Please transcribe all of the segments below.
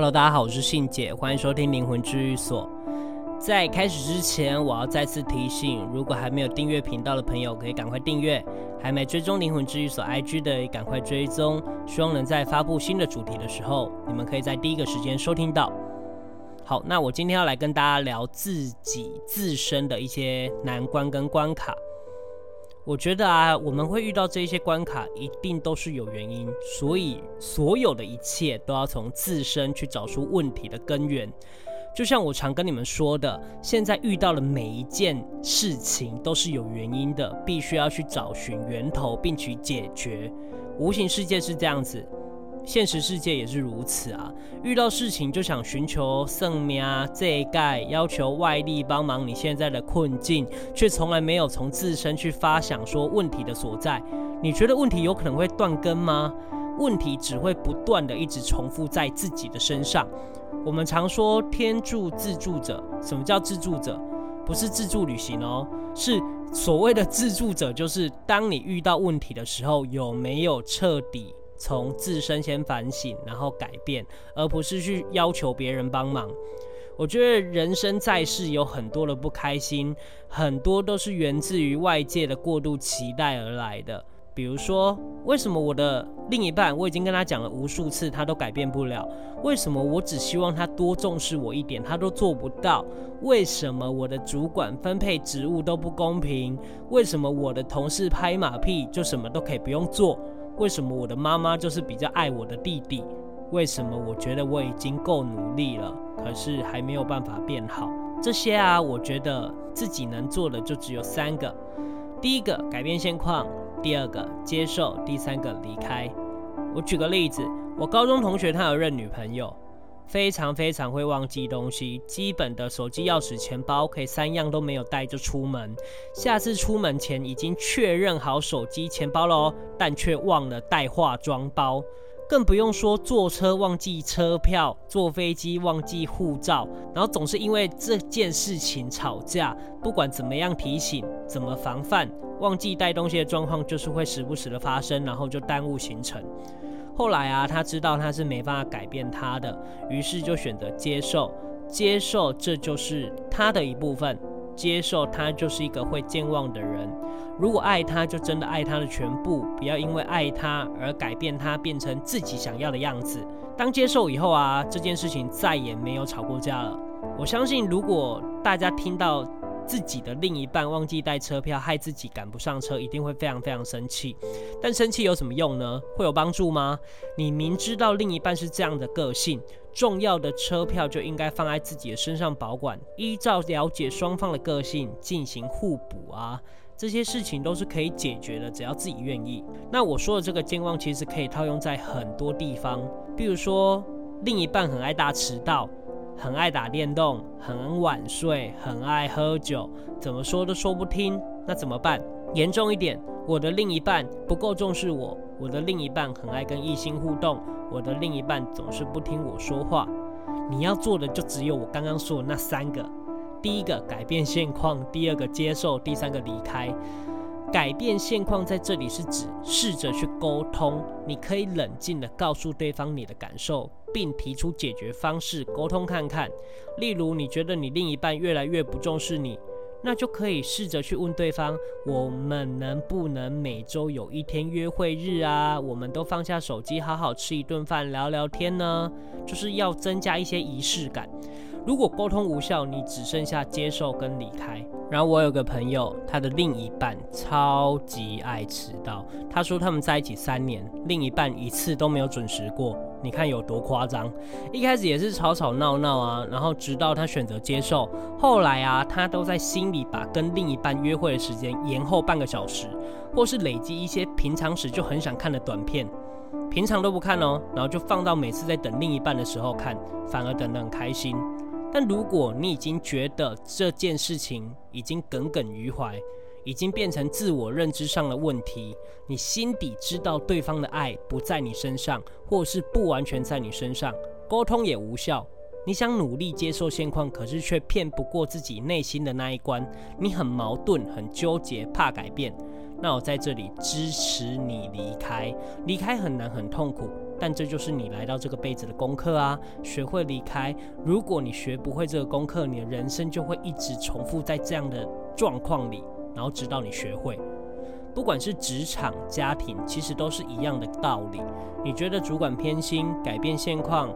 Hello，大家好，我是信姐，歡迎收聽靈魂治癒所。在開始之前，我要再次提醒，如果還沒有訂閱頻道的朋友，可以趕快訂閱；還沒追蹤靈魂治癒所 IG 的，也趕快追蹤。希望能在發布新的主題的時候，你們可以在第一個時間收聽到。好，那我今天要來跟大家聊自己自身的一些難關跟關卡。我覺得啊，我們會遇到這些關卡，一定都是有原因，所以所有的一切都要從自身去找出問題的根源。就像我常跟你們說的，現在遇到的每一件事情都是有原因的，必須要去找尋源頭並去解決。無形世界是這樣子。現實世界也是如此啊！遇到事情就想尋求聖明啊，這一概要求外力幫忙。你現在的困境，卻從來沒有從自身去發想說問題的所在。你覺得問題有可能會斷根嗎？問題只會不斷地一直重複在自己的身上。我們常說天助自助者，什麼叫自助者？不是自助旅行哦，是所謂的自助者，就是當你遇到問題的時候，有沒有徹底？從自身先反省，然後改變，而不是去要求別人幫忙。我覺得人生在世有很多的不開心，很多都是源自於外界的過度期待而來的。比如說，為什麼我的另一半，我已經跟他講了無數次，他都改變不了？為什麼我只希望他多重視我一點，他都做不到？為什麼我的主管分配職務都不公平？為什麼我的同事拍馬屁就什麼都可以不用做？為什麼我的媽媽就是比較愛我的弟弟？為什麼我覺得我已經夠努力了，可是還沒有辦法變好？這些啊，我覺得自己能做的就只有三個：第一個，改變現況；第二個，接受；第三個，離開。我舉個例子，我高中同學他有任女朋友。非常非常會忘記東西，基本的手機、鑰匙、錢包，可以三樣都沒有帶就出門。下次出門前已經確認好手機、錢包了哦，但卻忘了帶化妝包，更不用說坐車忘記車票，坐飛機忘記護照，然後總是因為這件事情吵架。不管怎麼樣提醒、怎麼防範，忘記帶東西的狀況就是會時不時的發生，然後就耽誤行程。後來啊，他知道他是沒辦法改變他的，於是就選擇接受，接受這就是他的一部分，接受他就是一個會健忘的人。如果愛他，就真的愛他的全部，不要因為愛他而改變他，變成自己想要的樣子。當接受以後啊，這件事情再也沒有吵過架了。我相信，如果大家聽到自己的另一半忘記帶車票，害自己趕不上車，一定會非常非常生氣。但生氣有什麼用呢？會有幫助嗎？你明知道另一半是這樣的個性，重要的車票就應該放在自己的身上保管，依照了解雙方的個性進行互補啊。這些事情都是可以解決的，只要自己願意。那我說的這個健忘，其實可以套用在很多地方，比如說另一半很愛大遲到。很愛打電動，很晚睡，很愛喝酒，怎麼說都說不聽，那怎麼辦？嚴重一點，我的另一半不夠重視我，我的另一半很愛跟異性互動，我的另一半總是不聽我說話。你要做的就只有我剛剛說的那三個：第一個改變現況，第二個接受，第三個離開。改變現況在這裡是指試着去溝通，你可以冷靜地告訴對方你的感受。並提出解決方式，溝通看看。例如，你覺得你另一半越來越不重視你，那就可以試着去問對方：我們能不能每周有一天約會日啊？我們都放下手機，好好吃一頓飯，聊聊天呢？就是要增加一些儀式感。如果溝通無效，你只剩下接受跟離開。然後我有個朋友，他的另一半超級愛遲到。他說他們在一起三年，另一半一次都沒有準時過。你看有多誇張？一開始也是吵吵鬧鬧啊，然後直到他選擇接受，後來啊，他都在心裡把跟另一半約會的時間延後半個小時，或是累積一些平常時就很想看的短片，平常都不看哦，然後就放到每次在等另一半的時候看，反而等得很開心。但如果你已經覺得這件事情已經耿耿於懷，已經變成自我認知上的問題，你心底知道對方的愛不在你身上，或是不完全在你身上，溝通也無效，你想努力接受現況，可是卻騙不過自己內心的那一關，你很矛盾，很糾結，怕改變。那我在這裡支持你離開，離開很難，很痛苦。但這就是你來到這個輩子的功課啊，學會離開。如果你學不會這個功課，你的人生就會一直重複在這樣的狀況裡，然後直到你學會。不管是職場、家庭，其實都是一樣的道理。你覺得主管偏心，改變現況，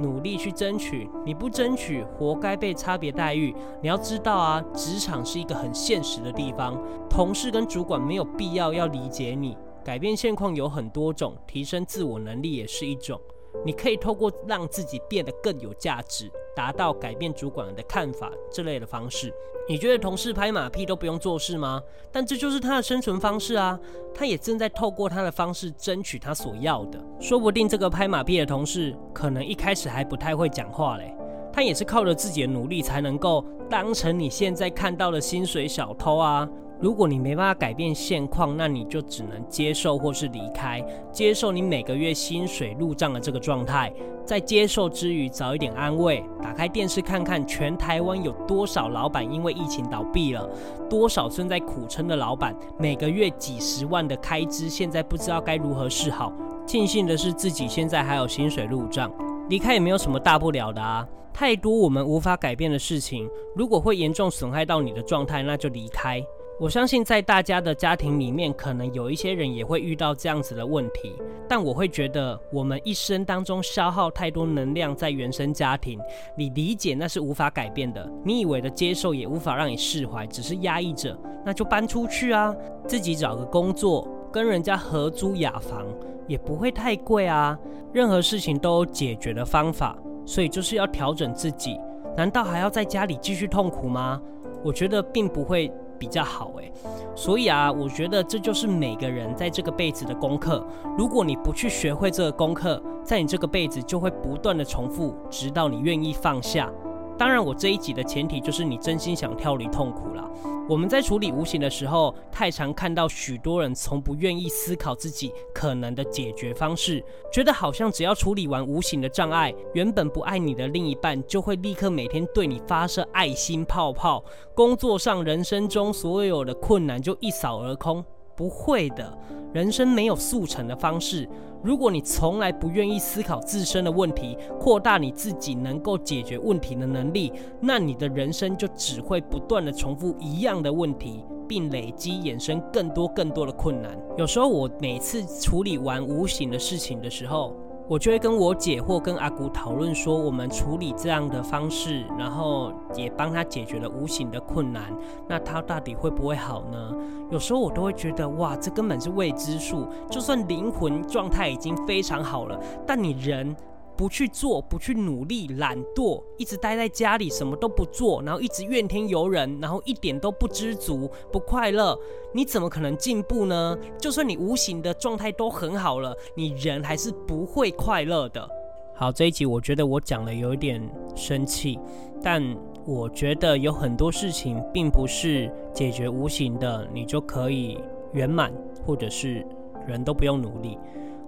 努力去爭取，你不爭取，活該被差別待遇。你要知道啊，職場是一個很現實的地方，同事跟主管沒有必要要理解你。改變現況有很多種，提升自我能力也是一種。你可以透過讓自己變得更有價值，達到改變主管的看法這類的方式。你覺得同事拍馬屁都不用做事嗎？但這就是他的生存方式啊！他也正在透過他的方式爭取他所要的。說不定這個拍馬屁的同事，可能一開始還不太會講話嘞。他也是靠着自己的努力，才能夠當成你現在看到的薪水小偷啊。如果你沒辦法改變現況，那你就只能接受或是離開。接受你每個月薪水入賬的這個狀態，在接受之餘找一點安慰，打開電視看看全台灣有多少老板因為疫情倒閉了，多少正在苦撐的老板每個月幾十萬的開支，現在不知道該如何是好。慶幸的是自己現在還有薪水入賬，離開也沒有什麼大不了的啊。太多我們無法改變的事情，如果會嚴重損害到你的狀態，那就離開。我相信，在大家的家庭裡面，可能有一些人也會遇到這樣子的問題。但我會覺得，我們一生當中消耗太多能量在原生家庭，你理解那是無法改變的。你以為的接受也無法讓你釋懷，只是壓抑着，那就搬出去啊，自己找個工作，跟人家合租雅房，也不會太貴啊。任何事情都有解決的方法，所以就是要調整自己。難道還要在家裡繼續痛苦嗎？我覺得並不會。比較好欸，所以啊，我覺得這就是每個人在這個輩子的功課。如果你不去學會這個功課，在你這個輩子就會不斷的重複，直到你願意放下。當然，我這一集的前提就是你真心想跳離痛苦啦。我們在處理無形的時候，太常看到許多人從不願意思考自己可能的解決方式，覺得好像只要處理完無形的障礙，原本不愛你的另一半就會立刻每天對你發射愛心泡泡，工作上、人生中所有的困難就一掃而空。不會的，人生沒有速成的方式。如果你從來不願意思考自身的問題，擴大你自己能夠解決問題的能力，那你的人生就只會不斷的重複一樣的問題，並累積衍生更多更多的困難。有時候我每次處理完無形的事情的時候。我就會跟我姐或跟阿姑討論說，我們處理這樣的方式，然後也幫他解決了無形的困難。那他到底會不會好呢？有時候我都會覺得，哇，這根本是未知數。就算靈魂狀態已經非常好了，但你人……不去做，不去努力，懶惰，一直待在家裡，什麼都不做，然後一直怨天尤人，然後一點都不知足，不快樂，你怎麼可能進步呢？就算你無形的狀態都很好了，你人還是不會快樂的。好，這一集我覺得我講的有一點生氣，但我覺得有很多事情並不是解決無形的，你就可以圓滿，或者是人都不用努力。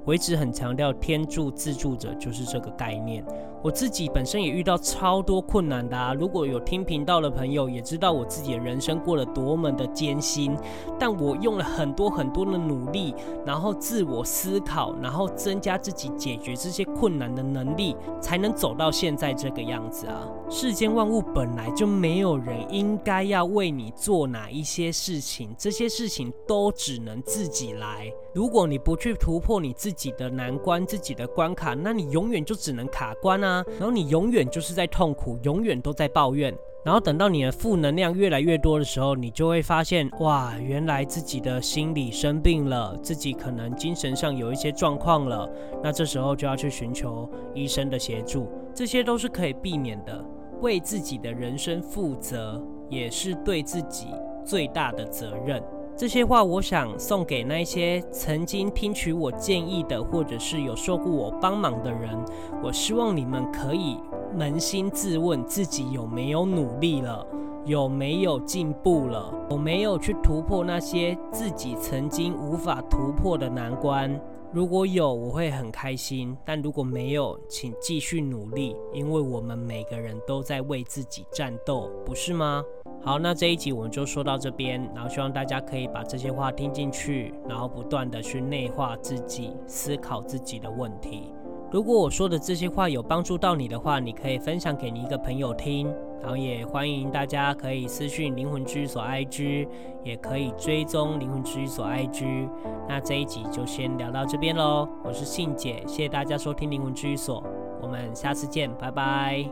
我一直很強調天助自助者，就是這個概念。我自己本身也遇到超多困難的啊！如果有聽頻道的朋友，也知道我自己的人生過得多麼的艱辛。但我用了很多很多的努力，然後自我思考，然後增加自己解決這些困難的能力，才能走到現在這個樣子啊！世間萬物本來就沒有人應該要為你做哪一些事情，這些事情都只能自己來。如果你不去突破你自己。自己的難關，自己的關卡，那你永遠就只能卡關啊！然後你永遠就是在痛苦，永遠都在抱怨，然後等到你的負能量越來越多的時候，你就會發現，哇，原來自己的心理生病了，自己可能精神上有一些狀況了。那這時候就要去尋求醫生的協助，這些都是可以避免的。為自己的人生負責，也是對自己最大的責任。這些話，我想送給那些曾經聽取我建議的，或者是有受過我幫忙的人。我希望你們可以捫心自問，自己有沒有努力了，有沒有進步了，有沒有去突破那些自己曾經無法突破的難關。如果有，我會很開心，但如果沒有，請繼續努力，因為我們每個人都在為自己戰鬥，不是嗎？好，那這一集我們就說到這邊，然後希望大家可以把這些話聽進去，然後不斷的去內化自己，思考自己的問題。如果我說的這些話有幫助到你的話，你可以分享給你一個朋友聽，然後也歡迎大家可以私訊靈魂居所 IG，也可以追蹤靈魂居所 IG。那這一集就先聊到這邊嘍，我是信姐，謝謝大家收聽靈魂居所，我們下次見，拜拜。